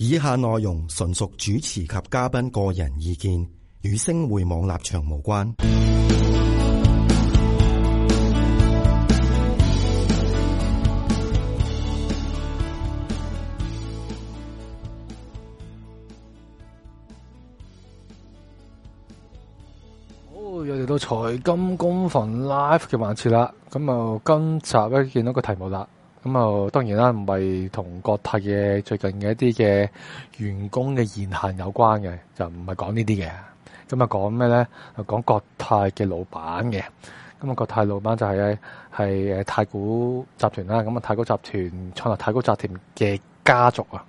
以下內容純屬主持及嘉賓個人意見，與星匯網立場無關。好，又嚟到財金工房 live 嘅環節啦。咁啊，今集咧見到個題目啦。咁啊，當然啦，唔係同國泰嘅最近嘅一啲嘅員工嘅言行有關嘅，就唔係講呢啲嘅。咁啊，講咩咧？啊，講國泰嘅老闆嘅。咁啊，國泰老闆就係喺係誒太古集團啦。咁啊，太古集團創立太古集團嘅家族啊。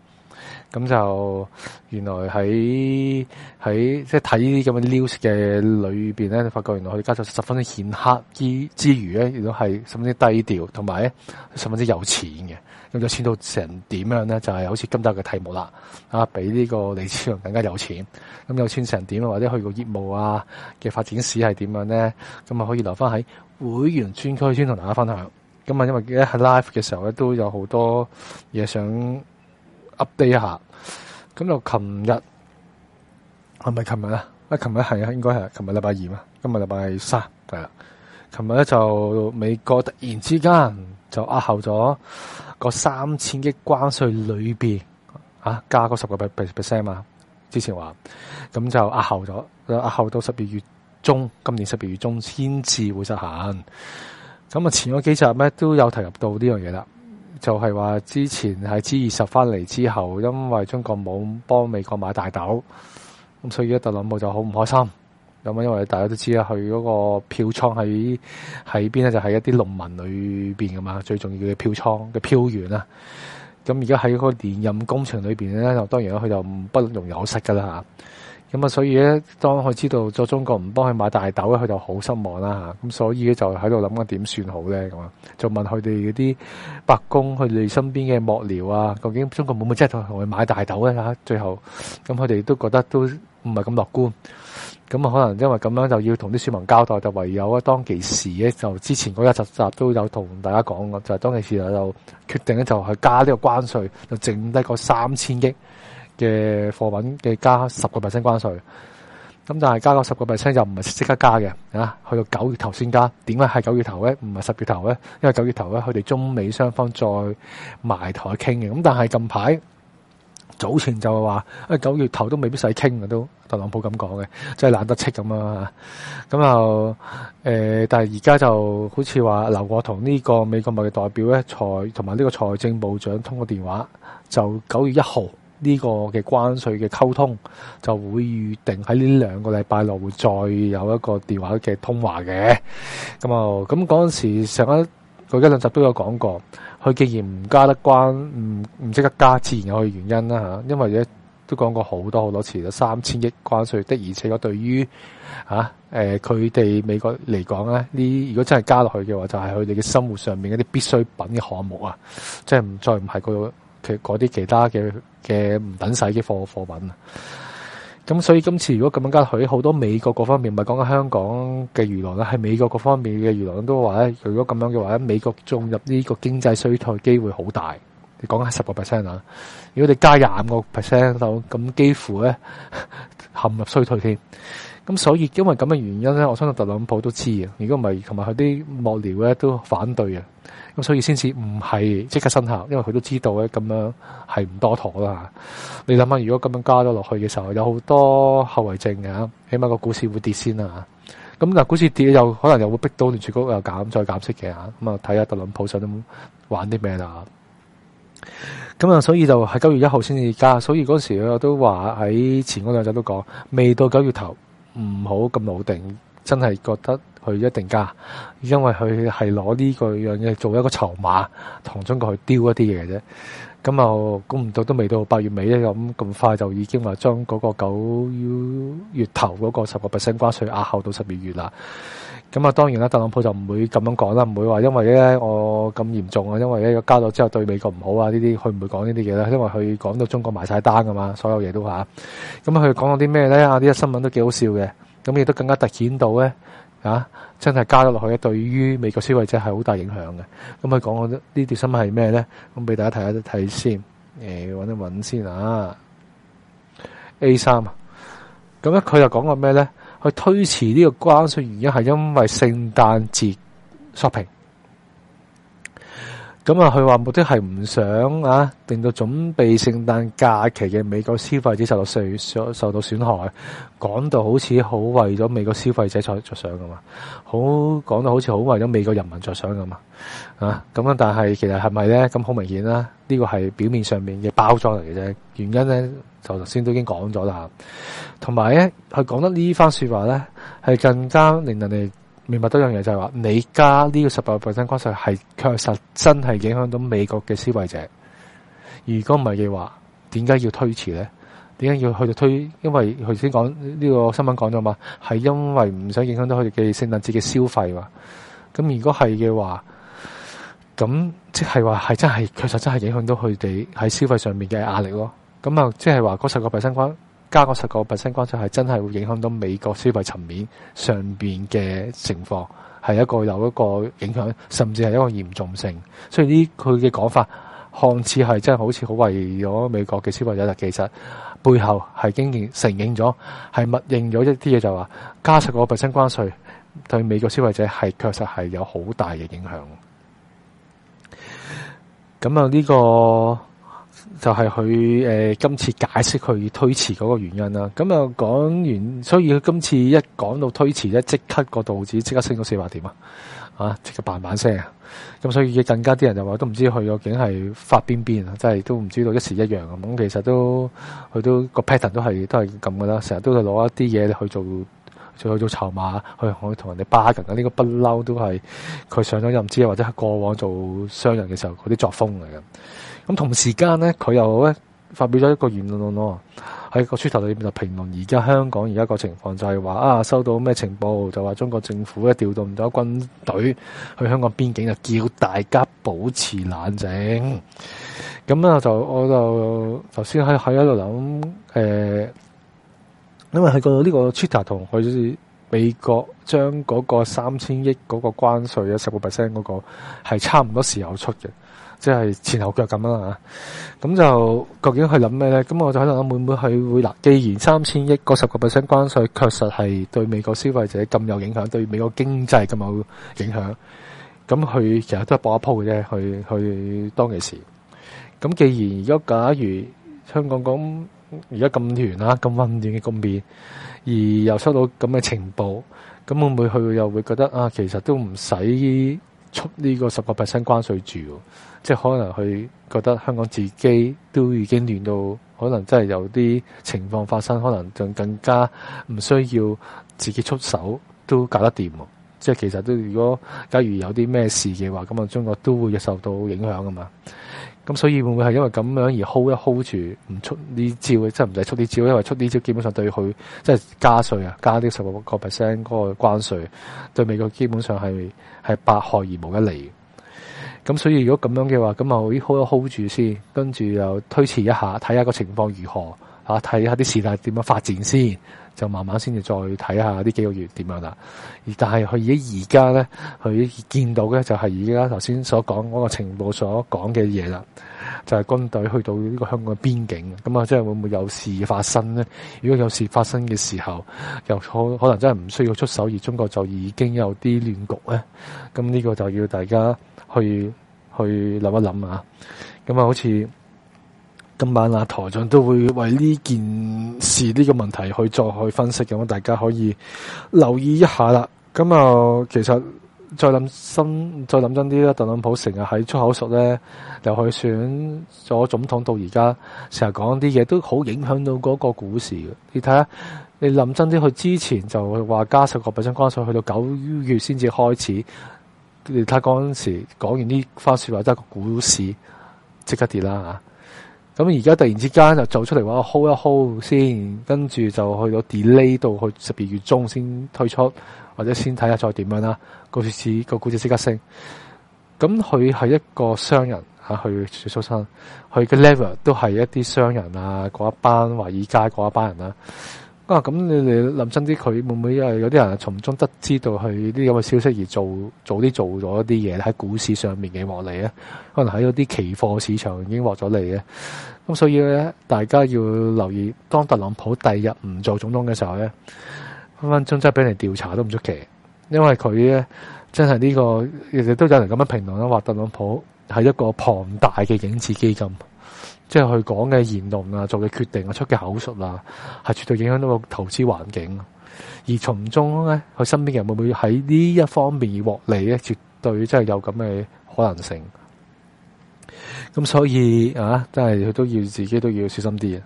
咁就原來喺喺即係睇呢啲咁嘅 news 嘅裏邊咧，你發覺原來佢家族十分之顯赫之之餘咧，亦都係十分之低調，同埋十分之有錢嘅。咁就有錢到成點樣咧？就係、是、好似今集嘅題目啦，啊，比呢個李超人更加有錢。咁有錢成點啊？或者去個業務啊嘅發展史係點樣咧？咁啊可以留翻喺會員專區先同大家分享。咁啊，因為一係 live 嘅時候咧，都有好多嘢想。Update 一下，咁就琴日係咪琴日啊？啊，琴日係啊，應該係琴日禮拜二嘛，今日禮拜三係啦。琴日咧就美國突然之間就押後咗個三千億關稅裏邊啊，加個十個 percent 啊。之前話咁就押後咗，押後到十二月中，今年十二月中先至會實行。咁啊，前嗰幾集咧都有提及到呢樣嘢啦。就係話之前喺 G20 翻嚟之後，因為中國冇幫美國買大豆，咁所以咧，特朗普就好唔開心。咁啊，因為大家都知啦，佢嗰個票倉喺喺邊咧？就喺一啲農民裏邊噶嘛，最重要嘅票倉嘅票源啦。咁而家喺嗰個連任工程裏邊咧，就當然啦，佢就不容有失噶啦嚇。咁、嗯、啊，所以咧，當佢知道咗中國唔幫佢買大豆咧，佢就好失望啦嚇。咁所以咧，就喺度諗緊點算好咧咁啊，就問佢哋嗰啲白宮佢哋身邊嘅幕僚啊，究竟中國會唔會真係同佢買大豆咧嚇、啊？最後，咁佢哋都覺得都唔係咁樂觀。咁、嗯、啊，可能因為咁樣就要同啲選民交代，就唯有啊，當其時咧就之前嗰一集集都有同大家講過，就係、是、當其時就決定咧就去加呢個關稅，就剩低嗰三千億。嘅貨品嘅加十個 percent 關稅，咁但係加個十個 percent 又唔係即刻加嘅啊，去到九月頭先加。點解係九月頭咧？唔係十月頭咧？因為九月頭咧，佢哋中美雙方再埋台傾嘅。咁但係近排早前就係話，哎、九月頭都未必使傾嘅，都特朗普咁講嘅，真係懶得戚咁啊。咁又、呃、但係而家就好似話劉國同呢個美國貿易代表咧，財同埋呢個財政部長通過電話，就九月一號。呢、這個嘅關稅嘅溝通就會預定喺呢兩個禮拜內，會再有一個電話嘅通話嘅。咁啊，咁嗰陣時上一個一兩集都有講過，佢既然唔加得關，唔唔即刻加，自然有佢原因啦嚇、啊。因為咧都講過好多好多次啦，三千億關稅，的而且確對於嚇佢哋美國嚟講咧，呢如果真係加落去嘅話，就係佢哋嘅生活上面一啲必需品嘅項目啊，即係唔再唔係個。佢嗰啲其他嘅嘅唔等使嘅貨貨品啊，咁所以今次如果咁樣加許好多美國各方面，唔係講緊香港嘅輿論啦，喺美國各方面嘅輿論都話咧，如果咁樣嘅話咧，美國進入呢個經濟衰退機會好大，你講緊十個 percent 啦，如果你加廿五個 percent 到，咁幾乎咧 陷入衰退添。咁所以因為咁嘅原因咧，我相信特朗普都知嘅。如果唔係同埋佢啲幕僚咧都反對嘅，咁所以先至唔係即刻生效。因為佢都知道咧咁樣係唔多妥啦。你諗下，如果咁樣加咗落去嘅時候，有好多後遺症嘅吓。起碼個股市會跌先啦。咁嗱，股市跌又可能又會逼到聯儲局又減再減息嘅吓。咁啊睇下特朗普想玩啲咩啦。咁啊，所以就喺九月一號先至加。所以嗰時我都話喺前嗰兩日都講，未到九月頭，唔好咁老定，真係覺得佢一定加，因為佢係攞呢個樣嘢做一個籌碼，同中國去丟一啲嘢啫。咁、嗯、啊，估唔到都未到八月尾咧，咁咁快就已經話將嗰個九月頭嗰個十個 percent 關稅押後到十二月啦。咁啊，當然啦，特朗普就唔會咁樣講啦，唔會話因為咧我咁嚴重啊，因為咧加咗之後對美國唔好啊呢啲，佢唔會講呢啲嘢啦，因為佢講到中國埋曬單噶嘛，所有嘢都嚇。咁佢講到啲咩咧？呢啲新聞都幾好笑嘅。咁亦都更加突顯到咧，啊，真係加咗落去，對於美國消費者係好大影響嘅。咁佢講到呢條新聞係咩咧？咁俾大家睇下睇先。欸，搵一搵先啊。A 三啊。咁咧，佢又講過咩咧？去推遲呢個關稅，原因係因為聖誕節 shopping。咁啊，佢話目的係唔想啊，令到準備聖誕假期嘅美國消費者受到受受到損害，講到好似好為咗美國消費者所着想咁嘛，好講到好似好為咗美國人民着想咁嘛。啊咁啊，但係其實係咪咧？咁好明顯啦，呢個係表面上面嘅包裝嚟嘅啫，原因咧就頭先都已經講咗啦，同埋咧佢講得呢番說話咧，係更加令人哋。明白多樣嘢就係、是、話，你加呢個十八個 percent 關稅係確實真係影響到美國嘅消費者。如果唔係嘅話，點解要推遲咧？點解要去到推？因為頭先講呢個新聞講咗嘛，係因為唔想影響到佢哋嘅聖誕節嘅消費嘛。咁如果係嘅話，咁即係話係真係確實真係影響到佢哋喺消費上面嘅壓力咯。咁啊，即係話嗰十個 percent 關。加個十個 percent 關稅係真係會影響到美國消費層面上面嘅情況，係一個有一個影響，甚至係一個嚴重性。所以呢，佢嘅講法看似係真係好似好為咗美國嘅消費者，但其實背後係經認承認咗，係默認咗一啲嘢，就話加十個 percent 關稅對美國消費者係確實係有好大嘅影響。咁啊呢個。就係佢誒今次解釋佢推遲嗰個原因啦。咁啊講完，所以佢今次一講到推遲咧，即刻個道指即刻升到四百點啊！啊，即刻嘭嘭聲啊！咁所以更加啲人就話都唔知佢究竟係發邊邊啊！真係都唔知道一時一樣咁。咁其實都佢都，都、個 pattern 都係都係咁噶啦，成日都係攞一啲嘢去做，做去做籌碼，去去同人哋 bargain 啊。呢、個不嬲都係佢上咗任之後或者過往做商人嘅時候嗰啲作風嚟嘅。咁同時間咧，佢又咧發表咗一個言論咯，喺個 Twitter 裏面就評論而家香港而家個情況就，就係話啊收到咩情報，就話中國政府咧調動咗軍隊去香港邊境，就叫大家保持冷靜。咁啊就我就頭先喺喺度諗誒因為佢個呢個 Twitter 同佢美國將嗰個三千億嗰個關稅啊十個 percent 嗰個係差唔多時候出嘅。即係前後腳咁啦！咁就究竟佢諗咩咧？咁我就喺度諗：會唔會佢會嗱？既然三千億嗰十個 percent 關稅確實係對美國消費者咁有影響，對美國經濟咁有影響，咁佢其實都係搏一鋪嘅啫。佢佢當其時，咁既然如果假如香港咁而家咁亂啦，咁混亂嘅局面，而又收到咁嘅情報，咁會唔會佢又會覺得啊？其實都唔使。出、這、呢個十個 percent 關稅住，即係可能佢覺得香港自己都已經亂到，可能真係有啲情況發生，可能就更加唔需要自己出手都搞得掂。即係其實都如果假如有啲咩事嘅話，咁啊中國都會受到影響噶嘛。咁所以會唔會係因為咁樣而 hold 一 hold 住唔出呢招？即係唔使出啲招，因為出呢招基本上對佢即係加稅啊，加啲十個 percent 嗰個關稅，對美國基本上係係百害而無一利。咁所以如果咁樣嘅話，咁啊可以 hold 一 hold 住先，跟住又推遲一下，睇下個情況如何吓，睇下啲事態點樣發展先。就慢慢先至再睇下呢幾個月點樣啦。而但係佢而家咧，佢見到嘅就係而家頭先所講嗰、那個情報所講嘅嘢啦，就係、是、軍隊去到呢個香港嘅邊境，咁啊，即係會唔會有事發生咧？如果有事發生嘅時候，又可可能真係唔需要出手，而中國就已經有啲亂局咧。咁呢個就要大家去去諗一諗啊。咁啊，好似。今晚啊，台長都會為呢件事呢、呢個問題去再去分析咁，大家可以留意一下啦。咁啊，其實再諗深，再諗真啲啦。特朗普成日喺出口術咧，又去選咗總統到，到而家成日講啲嘢都好影響到嗰個股市嘅。你睇下，你諗真啲，佢之前就話加十個百分關稅，去到九月先至開始。你睇嗰陣時講完呢番說話，得、個股市即刻跌啦咁而家突然之間就走出嚟話，hold 一 hold 先，跟住就去到 delay 到去十二月中先推出，或者先睇下再點樣啦。個市個股市即刻升，咁佢係一個商人嚇，去做收生，佢嘅 level 都係一啲商人啊，嗰一班華爾街嗰一班人啦。啊，咁你哋諗真啲，佢會唔會因為有啲人從中得知道佢啲咁嘅消息而做早做啲做咗啲嘢喺股市上面嘅獲利咧？可能喺嗰啲期貨市場已經獲咗利嘅。咁所以咧，大家要留意，當特朗普第日唔做總統嘅時候咧，一分分鐘真係俾人調查都唔出奇，因為佢咧真係呢個，亦亦都有人咁樣評論啦，話特朗普係一個龐大嘅影子基金。即係佢講嘅言論啊，做嘅決定啊，出嘅口述啊，係絕對影響到個投資環境啊。而從中咧，佢身邊嘅人會唔會喺呢一方面而獲利咧啊？絕對真係有咁嘅可能性。咁所以啊，真係佢都要自己都要小心啲。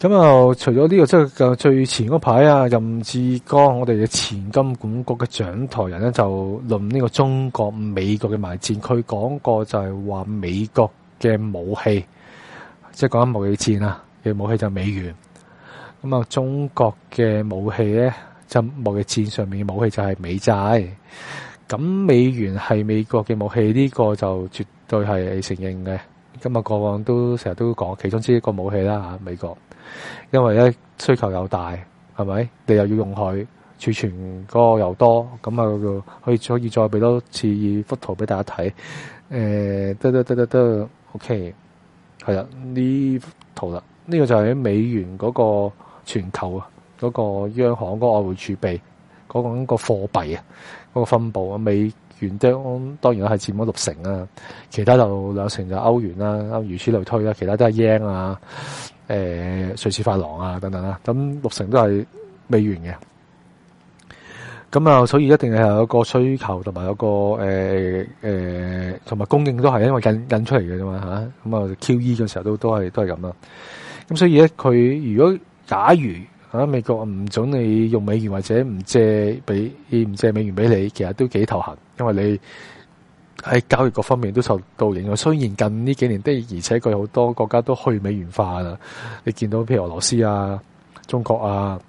咁又除咗呢個即係最前嗰排啊，任志剛，我哋嘅前金管局嘅掌台人咧，就論呢個中國、美國嘅埋戰，佢講過就係話美國嘅武器，即係講緊貿易戰啊！嘅武器就係美元。咁啊，中國嘅武器咧，就貿、是、易戰上面就貿易戰上面嘅武器就係美債。咁美元係美國嘅武器，呢個就絕對係承認嘅。今日過往都成日都講，其中之一個武器啦吓，美國。因為咧需求又大，係咪？你又要用佢儲存嗰又多，咁啊可以可以再俾多次幅圖俾大家睇。誒，得得得得得。O K，係啦，呢圖啦，呢、這個就係喺美元嗰個全球啊，嗰個央行嗰個外匯儲備嗰個貨幣貨幣啊，嗰個分布啊，美元咧當然係佔咗六成啊，其他就兩成就歐元啦，如此類推啦，其他都係日元啊，誒瑞士法郎啊等等啦，咁六成都係美元嘅。咁啊，所以一定係有一個需求同埋有一個誒誒，同、呃、埋、呃、供應都係因為引引出嚟嘅啫嘛吓。咁啊，啊，QE 嘅時候都係都係都係咁啦。咁、啊、所以咧，佢如果假如啊，美國唔准你用美元或者唔借俾唔借美元俾你，其實都幾頭痕，因為你喺交易各方面都受到影響。雖然近呢幾年的，而且佢好多國家都去美元化啦。你見到譬如俄羅斯啊、中國啊，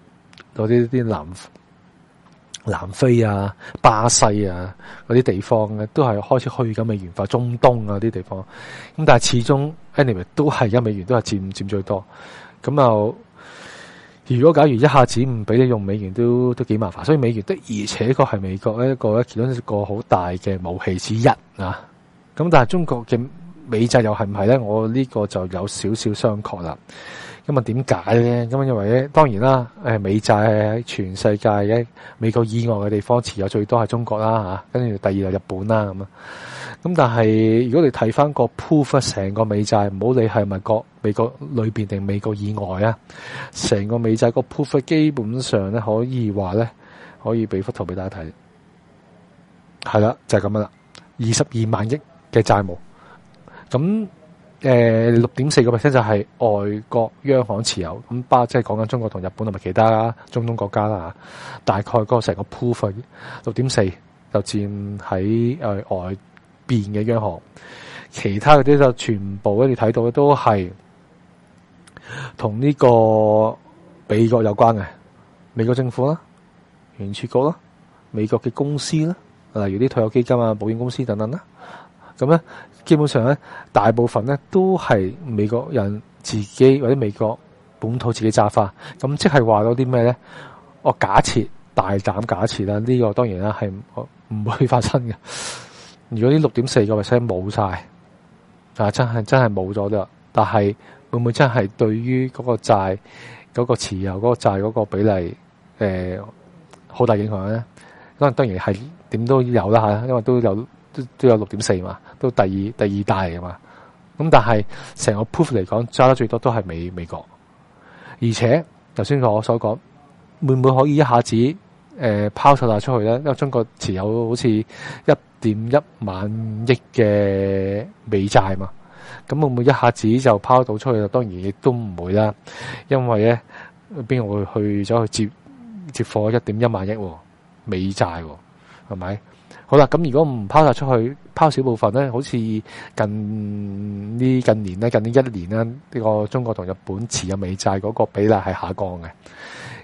有啲啲南。南非啊、巴西啊嗰啲地方嘅、啊、都係開始去緊美元化，中東啊啲地方，咁但係始終 anyway 都係而家美元都係佔佔最多，咁又如果假如一下子唔俾你用美元都都幾麻煩，所以美元的而且確係美國咧一個其中一個好大嘅武器之一啊，咁但係中國嘅美債又係唔係咧？我呢個就有少少商榷啦。今日點解咧？咁啊，因為咧，當然啦，誒，美債係喺全世界嘅美國以外嘅地方持有最多係中國啦，嚇，跟住第二就日本啦，咁啊。咁但係，如果你睇翻個 proof 成個美債，唔好理係咪美國美國裏面定美國以外啊，成個美債個 proof 基本上咧，可以話咧，可以俾幅圖俾大家睇，係啦，就係、是、咁樣啦，二十二萬億嘅債務，咁。誒、呃，六點四個 percent 就係、是、外國央行持有，咁包括即係講緊中國同日本同埋其他中東國家啦，大概嗰成個部分六點四就佔喺誒外邊嘅央行，其他嗰啲就全部咧你睇到嘅都係同呢個美國有關嘅，美國政府啦、聯儲局啦、美國嘅公司啦，例如啲退休基金啊、保險公司等等啦。咁咧，基本上咧，大部分咧都係美國人自己或者美國本土自己揸翻，咁即係話咗啲咩咧？我假設大膽假設啦，呢個當然啦係唔會發生嘅。如果呢六點四個 percent 冇晒，啊，真係真係冇咗啫。但係會唔會真係對於嗰個債嗰個持有嗰個債嗰個比例，誒、呃，好大影響咧？咁當然係點都有啦吓，因為都有。都都有六點四嘛，都第二第二大嚟嘛。咁但係成個 proof 嚟講，揸得最多都係美美國。而且頭先我所講，會唔會可以一下子誒拋晒出去咧？因為中國持有好似一點一萬億嘅美債嘛。咁會唔會一下子就拋到出，出去？當然亦都唔會啦。因為咧，邊個會去咗去接接貨一點一萬億、啊、美債、啊？係咪？好啦，咁如果唔拋晒出去，拋少部分咧，好似近呢近年咧，近呢一年咧，呢個中國同日本持有美債嗰個比例係下降嘅。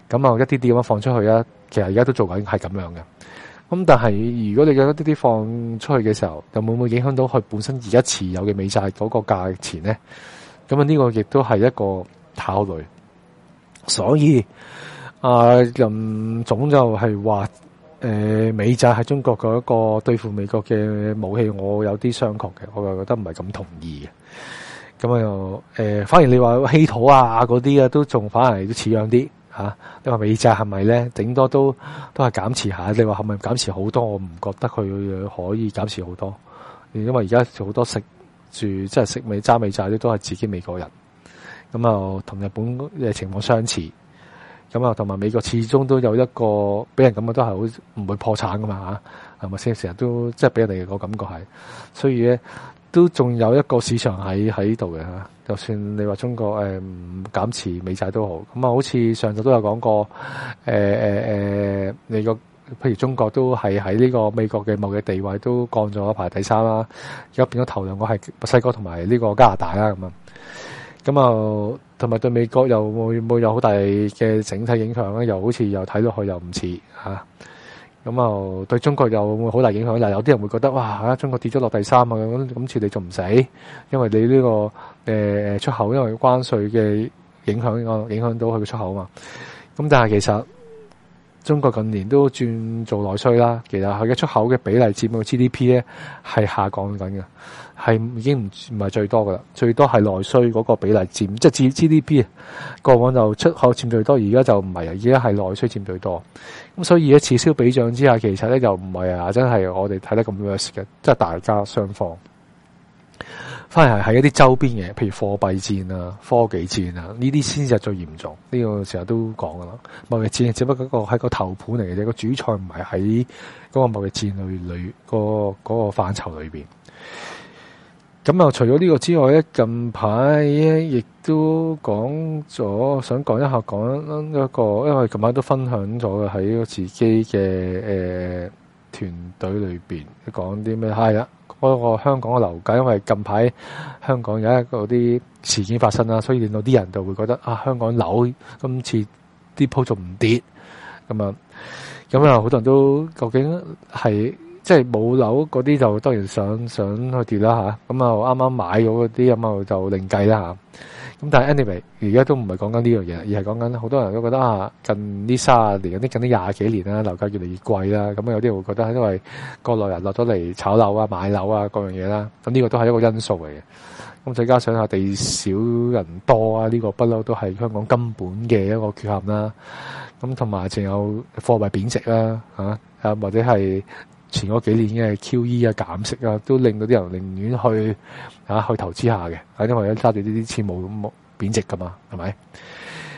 咁啊，一啲啲咁樣放出去啊，其實而家都做緊係咁樣嘅。咁但係如果你有一啲啲放出去嘅時候，又會唔會影響到佢本身而家持有嘅美債嗰個價錢咧？咁啊，呢個亦都係一個考慮。所以阿林、呃、總就係話。誒、呃，美債係中國嘅一個對付美國嘅武器，我有啲商榷嘅，我又覺得唔係咁同意嘅。咁啊，誒、呃，反而你話稀土啊、嗰啲啊，都仲反而都似樣啲吓。你話美債係咪咧？頂多都都係減持下。你話係咪減持好多？我唔覺得佢可以減持好多。因為而家好多食住即係食美揸美債啲都係自己美國人。咁啊，同、呃、日本嘅情況相似。咁啊，同埋美國始終都有一個俾人，咁啊，都係好唔會破產噶嘛嚇，係咪先？成日都即係俾人哋個感覺係，所以咧都仲有一個市場喺喺度嘅嚇。就算你話中國誒、嗯、減持美債都好，咁啊，好似上集都有講過誒誒誒，你個譬如中國都係喺呢個美國嘅貿易地位都降咗，排第三啦。而家變咗頭兩個係墨西哥同埋呢個加拿大啦咁啊。咁啊，同埋對美國又會唔會有好大嘅整體影響咧？又好似又睇落去又唔似吓，咁啊，對中國有好大影響，又有啲人會覺得哇！中國跌咗落第三啊，咁次似你仲唔死？因為你呢、呢個誒、呃、出口，因為關稅嘅影響，影響到佢嘅出口啊嘛。咁但係其實中國近年都轉做內需啦。其實佢嘅出口嘅比例佔到 GDP 咧係下降緊嘅。係已經唔唔係最多噶啦，最多係內需嗰個比例占，即係占 GDP 啊。過往就出口占最多，而家就唔係啊，而家係內需占最多。咁所以咧，此消彼長之下，其實咧就唔係啊，真係我哋睇得咁樣嘅，即係大家雙方，反而係喺一啲周邊嘅，譬如貨幣戰啊、科技戰啊呢啲先至係最嚴重。呢、這個時候都講噶啦，貿易戰只不過係個頭盤嚟嘅啫，個主菜唔係喺嗰個貿易戰的那裏裏個嗰個範疇裏邊。咁啊！除咗呢個之外咧，近排亦都講咗，想講一下講一個，因為近排都分享咗喺自己嘅、呃、團隊裏面講啲咩？係啦，嗰、哎、個香港樓價，因為近排香港有一個啲事件發生啦，所以令到啲人就會覺得啊，香港樓今次啲鋪仲唔跌？咁啊，咁啊，好多人都究竟係？即係冇樓嗰啲就當然想想去，跌啦嚇。咁啊，啱啱買咗嗰啲咁啊就另計啦嚇。咁但係 anyway 而家都唔係講緊呢樣嘢，而係講緊好多人都覺得近啊近呢卅年近呢廿幾年啦，樓價越嚟越貴啦，咁有啲會覺得係因為國內人落咗嚟炒樓啊、買樓啊各樣嘢啦。咁呢個都係一個因素嚟嘅。咁再加上下地少人多啊，呢個不嬲都係香港根本嘅一個缺陷啦。咁同埋仲有貨幣貶值啦，嚇啊或者係。前嗰幾年已經係 QE 啊、減息啊，都令到啲人寧願去嚇、啊、去投資一下嘅，因為揸住呢啲錢冇咁貶值噶嘛，係咪？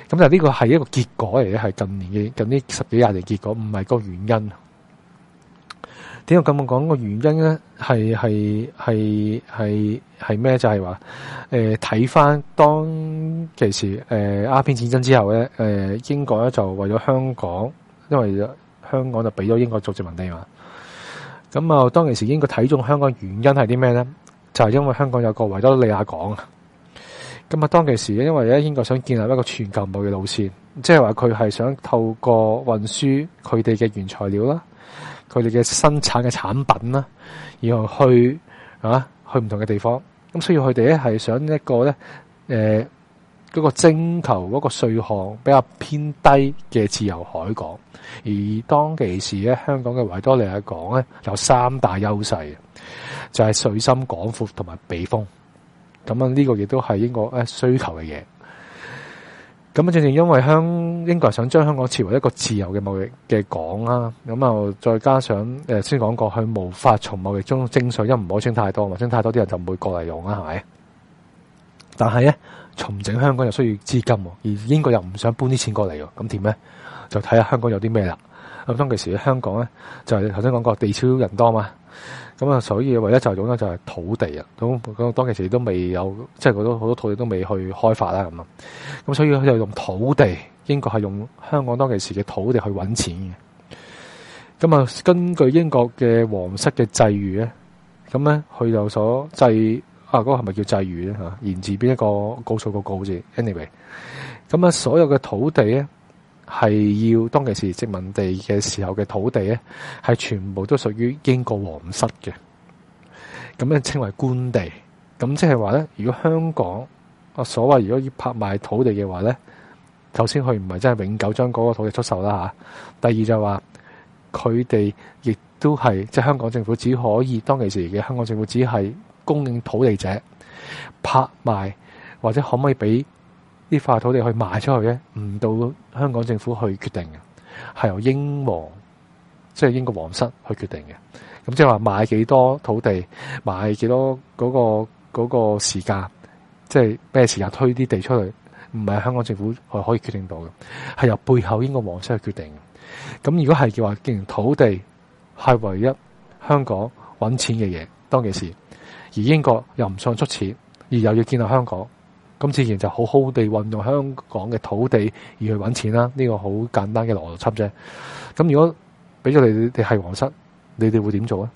咁但係呢個係一個結果嚟嘅，係近年嘅近呢十幾廿年嘅結果，唔係個原因。點解咁講？嗰個原因咧係係係係係咩？就係話誒睇翻當其時誒鴉、呃、片戰爭之後咧，誒、呃、英國咧就為咗香港，因為香港就俾咗英國做殖民地嘛。咁啊，當其時英國睇中香港原因係啲咩呢？就係、是、因為香港有個維多利亞港啊！咁啊，當其時因為咧英國想建立一個全球貿易路線，即係話佢係想透過運輸佢哋嘅原材料啦，佢哋嘅生產嘅產品啦，然後去啊去唔同嘅地方。咁所以佢哋咧係想一個呢、呃嗰、那個徵求嗰個稅項比較偏低嘅自由海港，而當其時咧，香港嘅維多利亞港咧有三大優勢，就係、是、水深廣闊同埋避風。咁啊，呢個亦都係英國誒需求嘅嘢。咁啊，正正因為香英國想將香港設為一個自由嘅貿易嘅港啦。咁啊，再加上誒，先講過佢無法從貿易中徵稅，因為唔可以徵太多，咪徵太多啲人就唔會過嚟用啦，係咪？但係咧。重整香港又需要資金，而英國又唔想搬啲錢過嚟，咁點咧？就睇下香港有啲咩啦。咁當其時，香港咧就係頭先講過地少人多嘛，咁啊，所以唯一就係用咧就係土地啊。咁咁當其時都未有，即係好多好多土地都未去開發啦。咁啊，咁所以佢就用土地，英國係用香港當其時嘅土地去揾錢嘅。咁啊，根據英國嘅皇室嘅際遇咧，咁咧佢有所際。啊，嗰、嗰個係咪叫祭語咧？吓，源自邊一個告訴個告字？anyway，咁啊，所有嘅土地咧，係要當其時殖民地嘅時候嘅土地咧，係全部都屬於英國皇室嘅，咁樣稱為官地。咁即係話咧，如果香港啊，所謂如果要拍賣土地嘅話咧，首先佢唔係真係永久將嗰個土地出售啦吓。第二就係話，佢哋亦都係，即係香港政府只可以當其時嘅香港政府只係。供應土地者拍賣，或者可唔可以俾呢塊土地去賣出去咧？唔到香港政府去決定嘅，係由英皇，即係英國皇室去決定嘅。咁即係話買幾多土地，買幾多嗰個嗰個時間，即係咩時間推啲地出去，唔係香港政府可以決定到嘅，係由背後英國皇室去決定。咁如果係叫話，既然土地係唯一香港揾錢嘅嘢，當其時。而英國又唔想出錢，而又要建立香港，咁自然就好好地運用香港嘅土地而去揾錢啦。呢、呢個好簡單嘅邏輯啫。咁如果俾咗你哋係皇室，你哋會點做啊？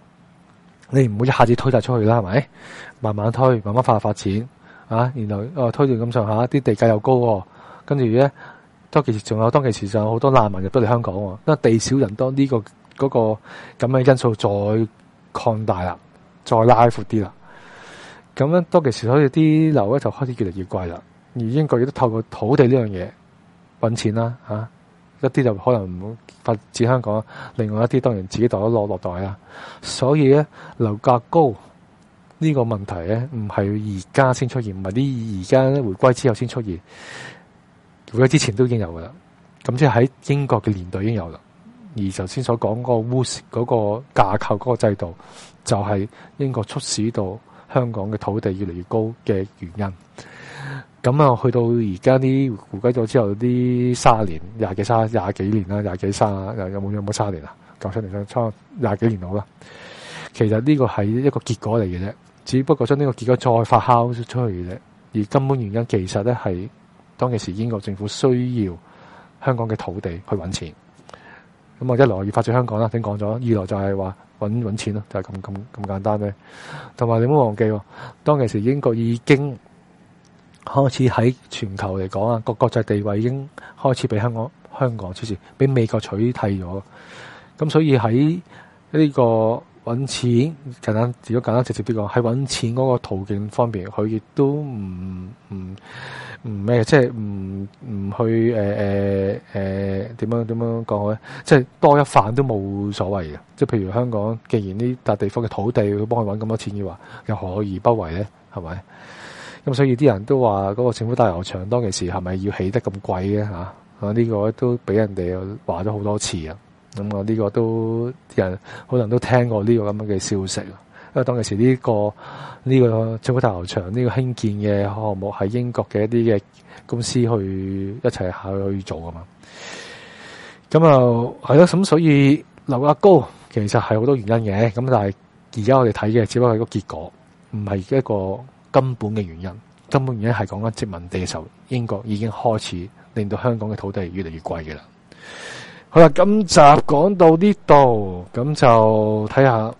你唔會一下子推曬出去啦，係咪？慢慢推，慢慢發發展。啊。然後哦、啊，推住咁上下，啲、啊、地價又高、哦，跟住咧，當其時仲有當其時就有好多難民入到嚟香港、哦。因為地少人多、呢個，呢、嗰個嗰咁嘅因素再擴大啦，再拉闊啲啦。咁咧，多嘅時，所以啲樓咧就開始越嚟越貴啦。而英國亦都透過土地呢樣嘢搵錢啦，吓、啊、一啲就可能唔好發展香港，另外一啲當然自己袋都落落袋啊。所以咧，樓價高呢、這個問題咧，唔係而家先出現，唔係啲而家回歸之後先出現，回歸之前都已經有噶啦。咁即係喺英國嘅年代已經有啦。而頭先所講個烏嗰個架構嗰個制度，就係、是、英國促使到。香港嘅土地越嚟越高嘅原因，咁啊去到而家啲估計回歸咗之後啲卅年廿幾卅廿幾年啦，廿幾卅有冇有冇卅年啊？九十年代差廿幾年好啦。其實呢個係一個結果嚟嘅啫，只不過將呢個結果再發酵出去嘅啫。而根本原因其實咧係當其時英國政府需要香港嘅土地去揾錢。咁啊，一來要發展香港啦，已經講咗；二來就係話揾揾錢啦，就係咁咁咁簡單嘅。同埋你唔好忘記，當其時英國已經開始喺全球嚟講啊，個國際地位已經開始俾香港香港此時俾美國取替咗。咁所以喺呢個。揾錢簡單，如果簡單直接啲講，喺揾錢嗰個途徑方面，佢亦都唔唔唔咩，即係唔唔去誒誒誒點樣點樣講咧？即係多一飯都冇所謂嘅。即係譬如香港，既然呢笪地方嘅土地要幫佢揾咁多錢嘅話，又何樂而不為咧？係咪？咁所以啲人都話嗰、那個政府大樓長，當其時係咪要起得咁貴嘅嚇？啊，呢、這個都俾人哋話咗好多次啊！咁我呢個都人可能都聽過呢個咁樣嘅消息，因為當時呢、這個呢、這個政府大球場呢個興建嘅項目喺英國嘅一啲嘅公司去一齊考去做啊嘛。咁又係咯，咁所以樓價高其實係好多原因嘅，咁但係而家我哋睇嘅只不過係一個結果，唔係一個根本嘅原因。根本原因係講緊殖民地嘅時候，英國已經開始令到香港嘅土地越嚟越貴嘅啦。好啦，今集講到呢度，咁就睇下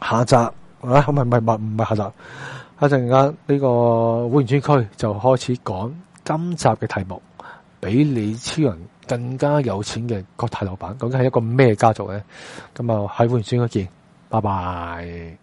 下集啊，唔係唔係唔係下集，一陣間呢個會員專區就開始講今集嘅題目，比李超人更加有錢嘅國泰老闆，究竟係一個咩家族咧？咁啊喺會員專區見，拜拜。